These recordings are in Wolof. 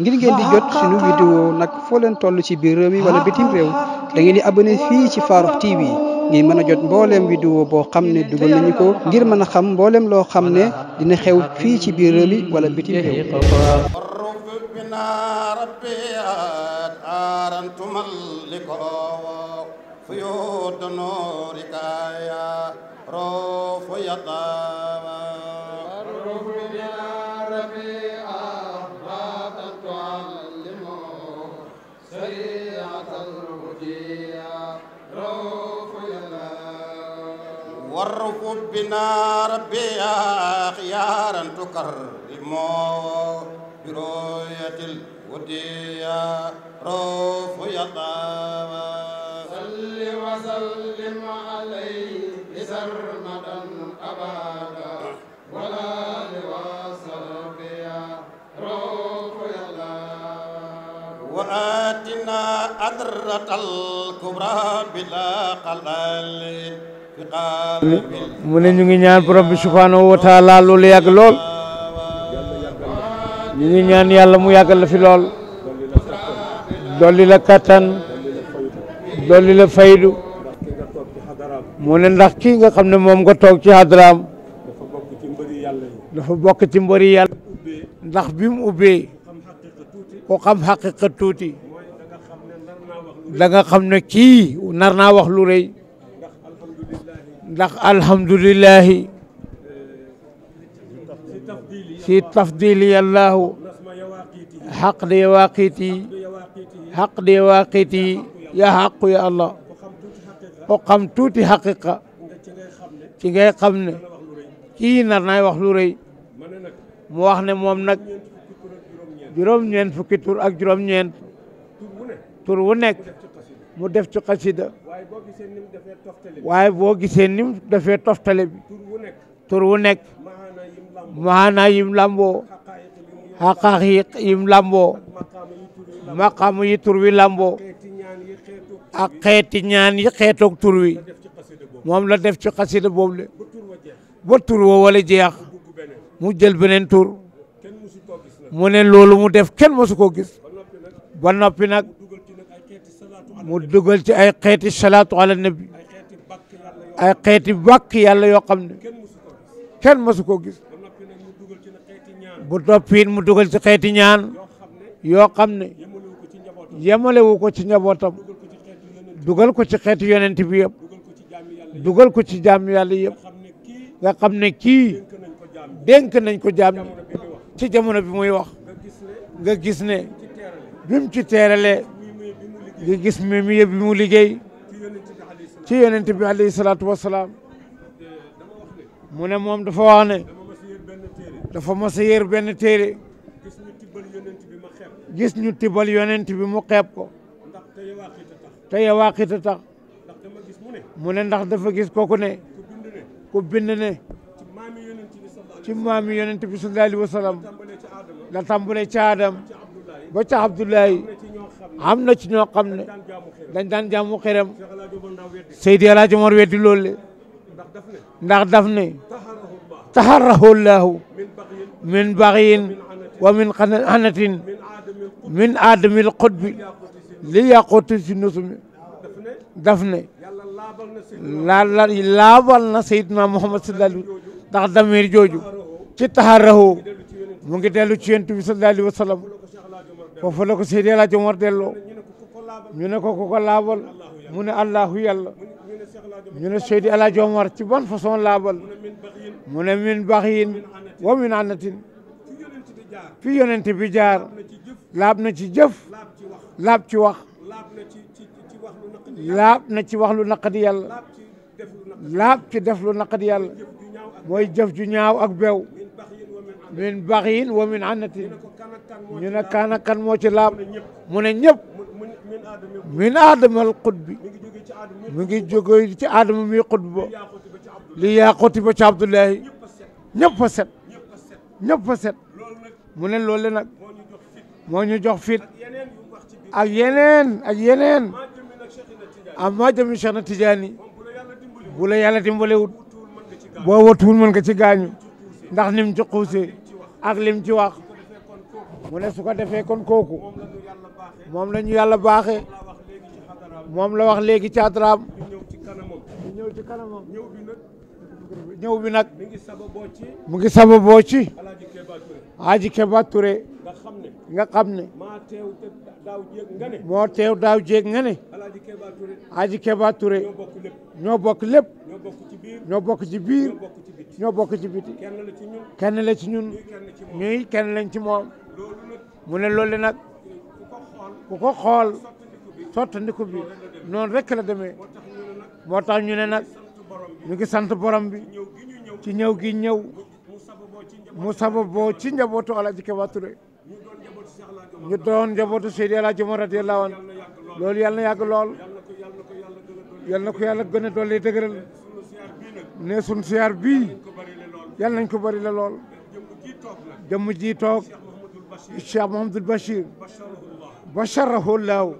ngir ngeen di jot suñu vidéo nag foo leen toll ci biir réew mi wala bitim réew da ngeen di abonné fii ci Farokh TV ngir mën a jot mbooleem vidéo boo xam ne dugal nañu ko ngir mën a xam mbooleem loo xam ne dina xew fii ci biir réew mi wala bitim réew رؤوف واركب بنا ربي يا خيارا تكرمو برؤية الودية روف يطاوى صل وسلم عليه بسرمة أبدا mu ne ñu ngi ñaan borom bi subhaanahu wa loolu yàgg lool ñu ngi ñaan yàlla mu yàggal la fi lool dolli la kattan dolli la faydu mu ne ndax kii nga xam ne moom nga toog ci hadraam dafa bokk ci mbëri yàlla ndax bi mu ubbee ko xam xaqiqa tuuti da nga xam ne kii nar naa wax lu rëy ndax alhamdulilahi si tafdili yàllaahu xaq de waaqit yi xaq de waaqit yi yaa ya allah ko xam tuuti xaqiqa ci ngay xam ne kii nar naay wax lu rëy mu wax ne moom nag juróom-ñeent fukki tur ak juróom-ñeent tur wu nekk mu def ci xasida waaye boo gisee ni mu defee toftale bi tur wu nekk maana yim lamboo xaqaax yim lamboo maqaamu yi tur wi lamboo ak xeeti ñaan yi xeetoog tur wi moom la def ci xasida boobu le ba tur wa wala jeex mu jël beneen tur mu ne loolu mu def kenn mosu koo gis ba noppi nag mu dugal ci ay xeeti salaatu ala nabi ay xeeti bàkk yàlla yoo xam ne kenn mësu koo gis bu toppiin mu dugal ci xeeti ñaan yoo xam ne yemalewu ko ci njabootam dugal ko ci xeeti yonent bi yëpp dugal ko ci jaam yàlla yëpp nga xam ne kii dénk nañ ko jaam ci jamono bi muy wax nga gis ne bi mu ci teeralee nga gis mi mi yëpp bi mu liggéey ci yonent bi alayhi mu ne moom dafa wax ne dafa mas a benn téere gis ñu tibal yonent bi mu xeeb ko te yawaaqita tax mu ne ndax dafa gis kooku ne ku bind ne ci maami yonent bi sallallahu alayhi wa ci Aadam ba ca Abdullahi am na ci ñoo xam ne dañ daan jaamu xerem Seydi El Hadji Omar weddi ndax daf ne taxarahu llaahu min baxyin wa min xanatin min aadamil xutbi li yàqooti si nusumi daf ne la laabal na Seydina Muhammad sallallahu alayhi wa sallam ndax damir jooju ci taxarahu mu ngi dellu ci yonent bi sallallahu foofu la ko Seydi El Hadji Omar delloo ñu ne ko ku ko laabal mu ne allahu yàlla ñu ne Seydi El ci ban façon laabal mu ne min baxyin wa min anatin fi yonent bi jaar laab na ci jëf laab ci wax laab na ci wax lu naqadi yàlla laab ci def naqadi yàlla mooy jëf ju ñaaw ak bew min baxin wa min annatin ñu ne kan kan moo ci laab mu ne ñëpp min aadamal xutbi mu ngi jóge ci aadama mi xutbi ba li yaaquti ba ci abdullahi ñëpp a set ñëpp set mu ne loolu nag moo ñu jox fit ak yeneen ak yeneen amma jëmi Cheikh na Tidiane bu la yàlla dimbalewut boo watuwul mën nga ci gaañu ndax nim ci xuusee ak lim ci wax mu ne su ko defee kon kooku moom la ñu yàlla baaxee moom la wax léegi ci adaraam ñu ñëw ci kanamam ñëw bi nag mu ngi sababoo ci Alaaji Keba Touré nga xam ne moo teew daaw jéeg nga ne Alaaji Keba Touré ñoo bokk lépp ñoo bokk ci biir ñoo bokk ci biti kenn la ci ñun ñuy kenn lañ ci moom mu ne loolu nag ku ko xool sottandiku bi noonu rekk la demee moo tax ñu ne nag ñu ngi sant borom bi ci ñëw gi ñëw mu sababoo ci njabootu Alaaji Keba Touré ñu doon njabootu Seydi Alaaji Umar radiyallaahu anhu loolu yàlla na yàgg lool yàlla na ko yàlla gën a dolli dëgëral ne sunu siyaar bii yal nañ ko bari la lool jëmm ji toog Cheikh Mouhamadoul Bachir bacharahu laaw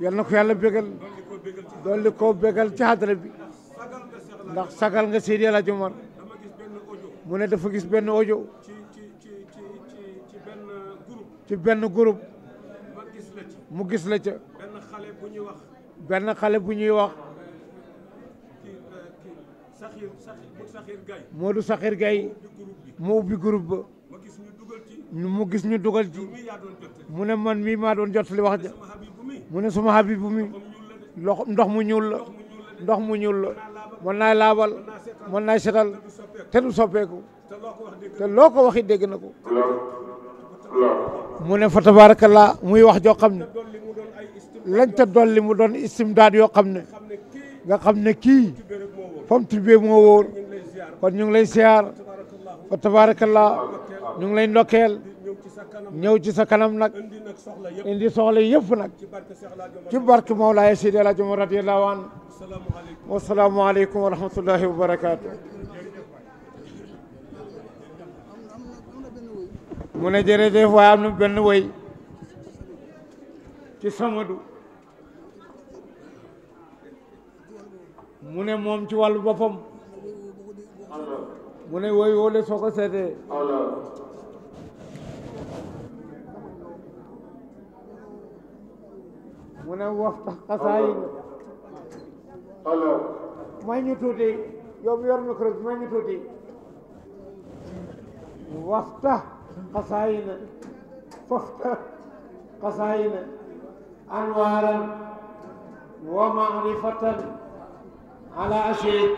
yal na ko yàlla bégal dolli koo bégal ci hadara bi ndax sagal nga Seydi El mu ne dafa gis benn audio ci benn groupe mu gis la ca benn xale bu ñuy wax Saxir Saxir Gaye. Modou Saxir Gaye moo ubbi groupe ba. mu gis ñu dugal ci. mu ne man mii maa doon jottali wax ja. mu ne suma habibu mi loxo ndox mu ñuul la. ndox mu ñuul la mën naa laabal mën naa setal te du soppeeku te loo ko waxi dégg na ko. mu ne fa tabaarakallaa muy wax joo xam ne lañ dolli mu doon istimdaad yoo xam ne nga xam ne kii fam tibbee moo wóor kon ñu ngi lay siyaar fa tabarakallah ñu ngi lay ndokkeel ci sa kanam nag indi soxla yëpp nag ci barke Mawlaaya Seydi El Hadji Omar radiyallahu anhu wasalaamaaleykum wa rahmatullahi wa barakaatu mu ne jërëjëf waaye am na benn woy ci samadu mu ne moom ci wàllu boppam mu ne wooyu wóole soo ko seetee mu ne waxta xasaayi may ñu tuuti yow mi yor micro may ñu tuuti waxta xasaayi na waxta xasaayi na anwaaran على عشير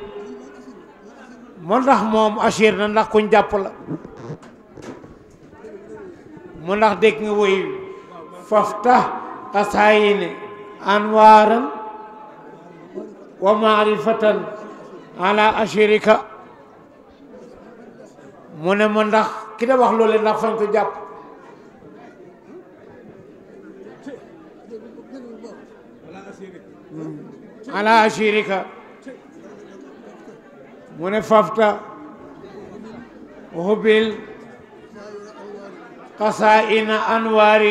من راه موم عشير نان راه كون جابلا من راه ديك نوي فافتح قصاين انوارا ومعرفة على عشيرك من من راه كي داك لولي راه فانك جاب على عشيرك من فافتا وهبل قصائنا انوار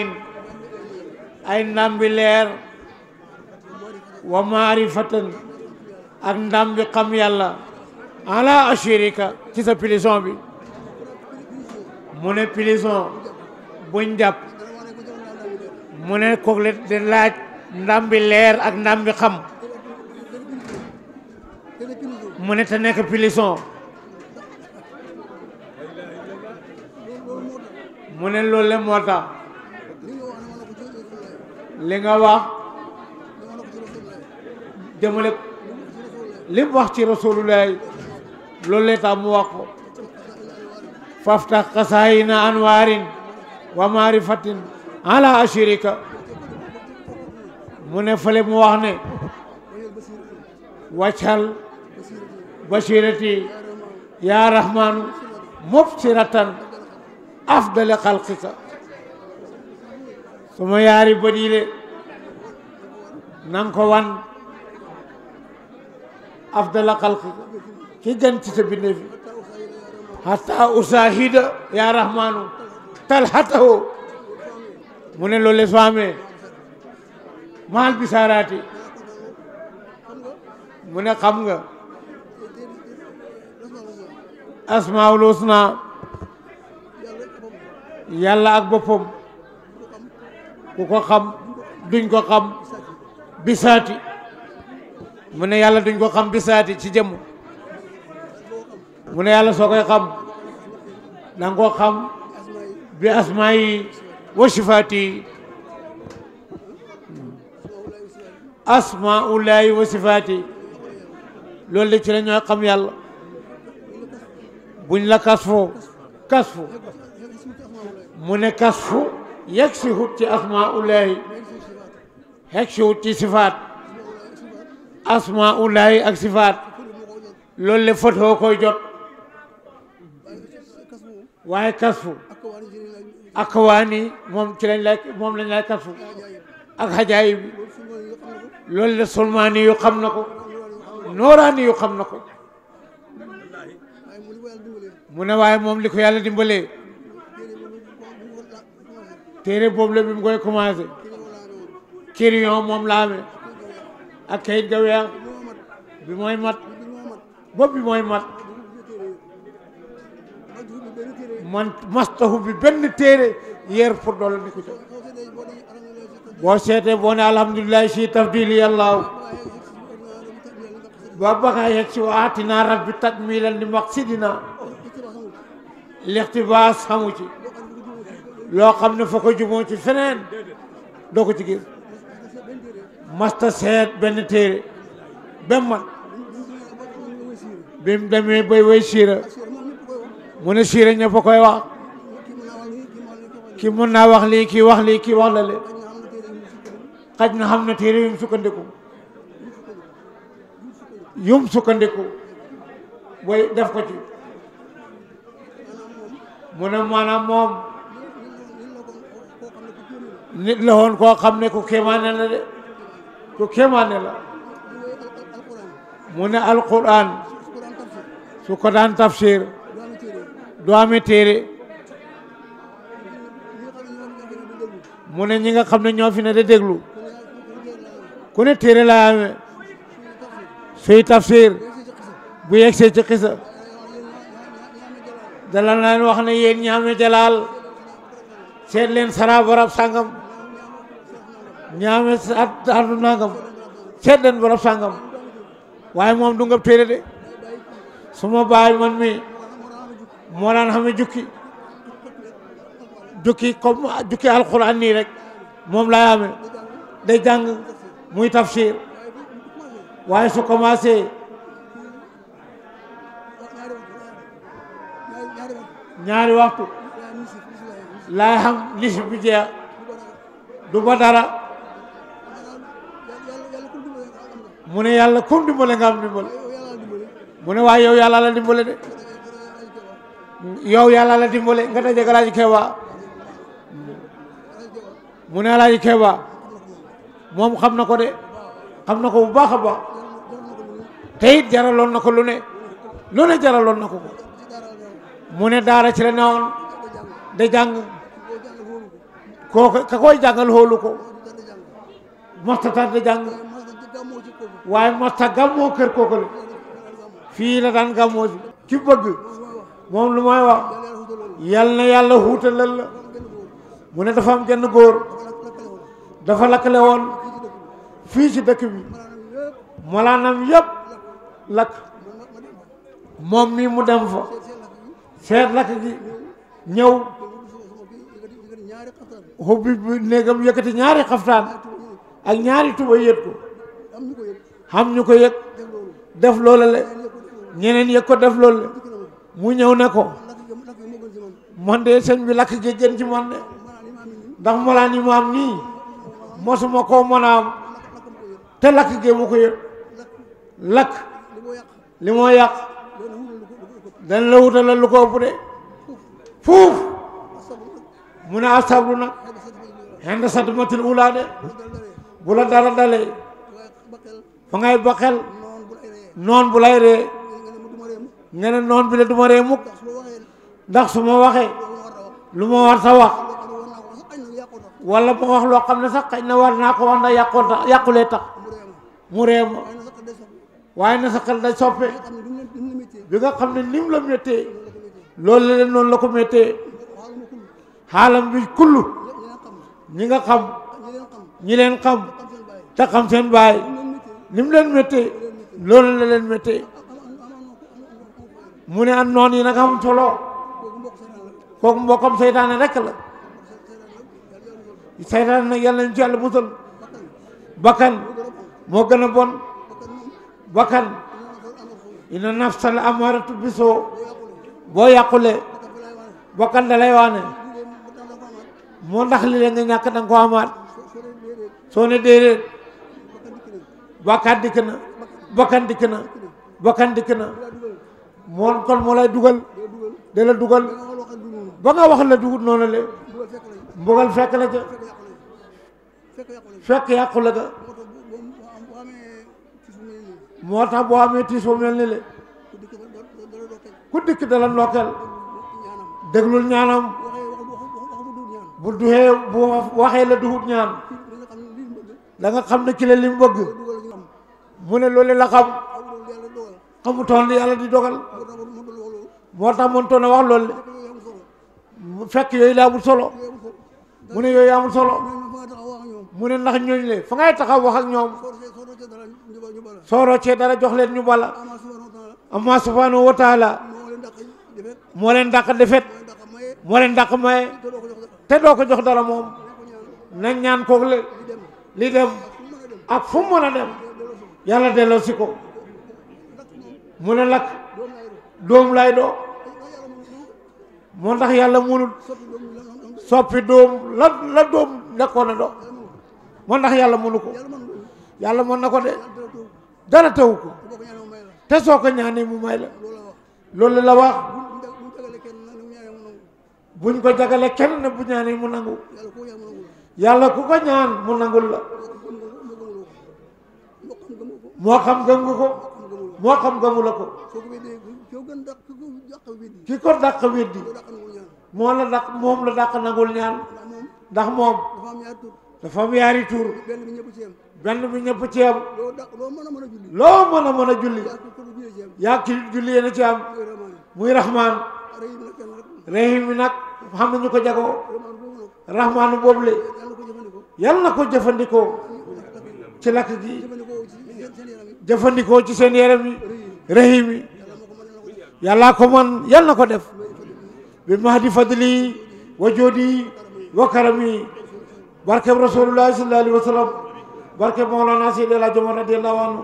اين بلير ومعرفة اندام بقم يلا على اشيريكا تسا بلزون بي من بلزون بنجاب من كوغلت دلات اندام بلير اندام بقم mu ne te nekk pilison mu ne loolu moo tax li nga wax jëmale li mu ci rasulullah loolu la tax mu wax ko faftax xasaayina anwaarin wa maarifatin ala ashirika mu ne fële mu wax ne wàccal बशीरती या रहमान मुबसिरतन अफदल खल्किका suma yaari bët yi de na nga ko wan afdala xalq ki gën ci sa binde fi hatta usahida ya rahmanu talhatahu mu ne loolu su amee maal bi saaraati mu ne xam nga asmaawul husna yàlla ak boppam ku ko xam duñ ko xam bisaati mu ne yàlla duñ ko xam bisaati ci jëmm mu ne yàlla soo koy xam danga ko xam bi asmaa yi wa sifaati yi asmaa ulaayi wa sifaati loolu de ci la xam yàlla buñ la kasfu kasfu mu ne kasfu yegg si wut ci asmaa ulaahi yegg si wut ci sifaat asmaa ulaahi ak sifaat loolu le fotoo koy jot waaye kasfu ak waani moom ci lañ lay moom lañ lay kasfu ak xajaay bi loolu le sulmaani yu xam na ko nooraani yu xam na ko मुनवाए मोम लिखो याले दिम बोले तेरे प्रॉब्लम में कोई खुमा केरी किरियो मोम लावे अखेर गया बीमारी मत वो बीमारी मत मन मस्त हो बेन तेरे येर फुट डॉलर निको कुछ बहुत से बोने अल्हम्दुलिल्लाह शी तब्दीली अल्लाह बाबा का एक सौ आठ रब तक मिलन मकसद ना lixtibaas xamu ci loo xam ne foo ko jumoo ci feneen doo ko ci gis masta seet benn téere ba man bi mu demee bay way siira mu ne siira ñëpp a koy wax ki mun naa wax lii kii wax lii kii wax la le xaj na xam na téere yum sukkandiku yum sukkandiku way def ko ci mu ne maanaam moom nit la koo xam ne ku kéemaane la de ku kéemaane la mu ne alquran su ko daan tafsir du amee téere mu ne ñi nga xam ne ñoo fi ne de déglu ku ne téere laa amee suy tafsir bu yegsee ci xisa dana leen wax ne yéen ñi am jalaal seet leen sara barab sàngam ñi am at atu nangam seet leen barab sàngam waaye moom du nga téere de suma baay man mi moo daan xame jukki jukki comme jukki alquran nii rek moom laa amee day jàng muy tafsir waaye su commencé ñaari waxtu laay xam lis bu jeex du ba dara mu ne yàlla kum dimbale nga am dimbale mu ne waa yow yàlla la dimbale de yow yàlla la dimbale nga dajeeg Alaaji Keeba mu ne Alaaji Keeba moom xam na ko de xam na ko bu baax a baax te it jaraloon na ko lu ne lu ne jaraloon na ko ko mu ne daara ci la newoon da jàng kooku ka koy jàngal xoolu ko mosta tar da jàng waaye mosta gàmmoo kër kooku la fii la daan gàmmoo si ki bëgg moom lu may wax yal na yàlla xuutalal la mu ne dafa am genn góor dafa lakkale woon fii ci dëkk bi malaanam yëpp lakk moom mii mu dem fa seet lakk gi ñëw xubbi bi néegam yëkkati ñaari xaftaan ak ñaari tuba yët ko xam ñu ko yëg def loola le ñeneen yëg ko def lool le mu ñëw ne ko man de sëñ bi lakk gi gën ci man de ndax malaan yi ma am nii mosuma koo mën a am te lakk gi mu ko yëg lakk li moo yàq dana la wutalal lu ko ëpp de fuuf mu ne asabru nag xend satmatil ulaa de bu la dara dalee fa ngay baqel noon bu lay ree nga ne noon bi la duma ree mukk ndax su ma waxee lu ma war ta wax wala ma wax loo xam ne sax xañ na war naa ko wax ndax yàqoo tax yàqulee tax mu ree ma waaye na sa xel day soppe bi nga xam ne nim la méttee loolu la leen noonu la ko méttee xaalam bi kullu ñi nga xam ñi leen xam te xam seen baay nim leen méttee loolu la leen méttee mu ne an noon yi nag am solo kooku mbokkam seytaane rekk la na nag yàlla nañ ci yàlla musal bakkan moo gën a bon bakkan inna nafsal amaratu bisoo boo yàqulee bakkan da lay waane moo ndax li leen nga ñàkk danga ko amaat soo ne déedéet bakkan na bakkan dikk na bakkan dikk na moo kon moo lay dugal da la dugal ba nga wax la dugut noonu le mbugal fekk la fekk yàqule ga moo tax boo amee tiis bu mel ni le ku dikk dala ndokkeel déglul ñaanam bu duxee bu waxee la duhut ñaan da nga xam ne ki la lim bëgg mu ne loolu la xam xamutoon li yàlla di dogal moo tax mënutoon a wax loolu mu fekk yooyu la amul solo mu ne yooyu amul solo mu ne ndax ñooñu le fa ngay taxaw wax ak ñoom soo roccee dara jox leen ñu bala amma subhanahu wa taala moo leen dàq defet moo leen dàq maye te doo ko jox dara moom nañ ñaan koog le li dem ak fu mu mën a dem yàlla delloo si ko mu ne lakk doom lay doo moo tax yàlla munul soppi doom la la doom nekkoon na doo moo tax yàlla munu ko yàlla mën na ko de dara taw ko te soo ko ñaanee mu may la loolu la wax buñ ko jagale kenn ne bu ñaanee mu nangu yàlla ku ko ñaan mu nangul la moo xam gëm ko moo xam gëmu la ko ki ko dàq weddi moo la dàq moom la dàq nangul ñaan ndax moom dafa am yaari tur benn bi ñëpp ci am benn bi ñëpp ci am loo mën a mën a julli loo mën a mën a julli yaa ki julli yéen a ci am muy rahmaan rahim mi nag xam nañu ko jagoo rahmaanu boobu le yal na ko jëfandikoo ci lakk gi jëfandikoo ci seen yaram yi rahim yi yàllaa ko man yal na ko def bi mahdi fadli wa joodi wa karami barkeb rasulullahi sallallahu alayhi wa sallam barkeb Mawlana Seydi El Hadji Omar radiyallahu anhu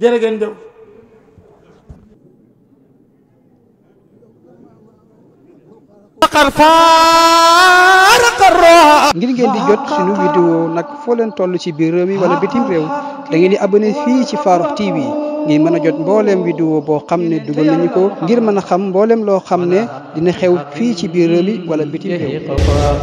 jërë ngeen jëf ngir ngeen di jot suñu vidéo nag foo leen toll ci biir réew mi wala bitim réew da di abonné fii ci Farokh TV ngir mën a jot mbooleem vidéo boo xam ne dugal nañu ko ngir mën a xam mbooleem loo xam ne dina xew fii ci biir réew wala bitim réew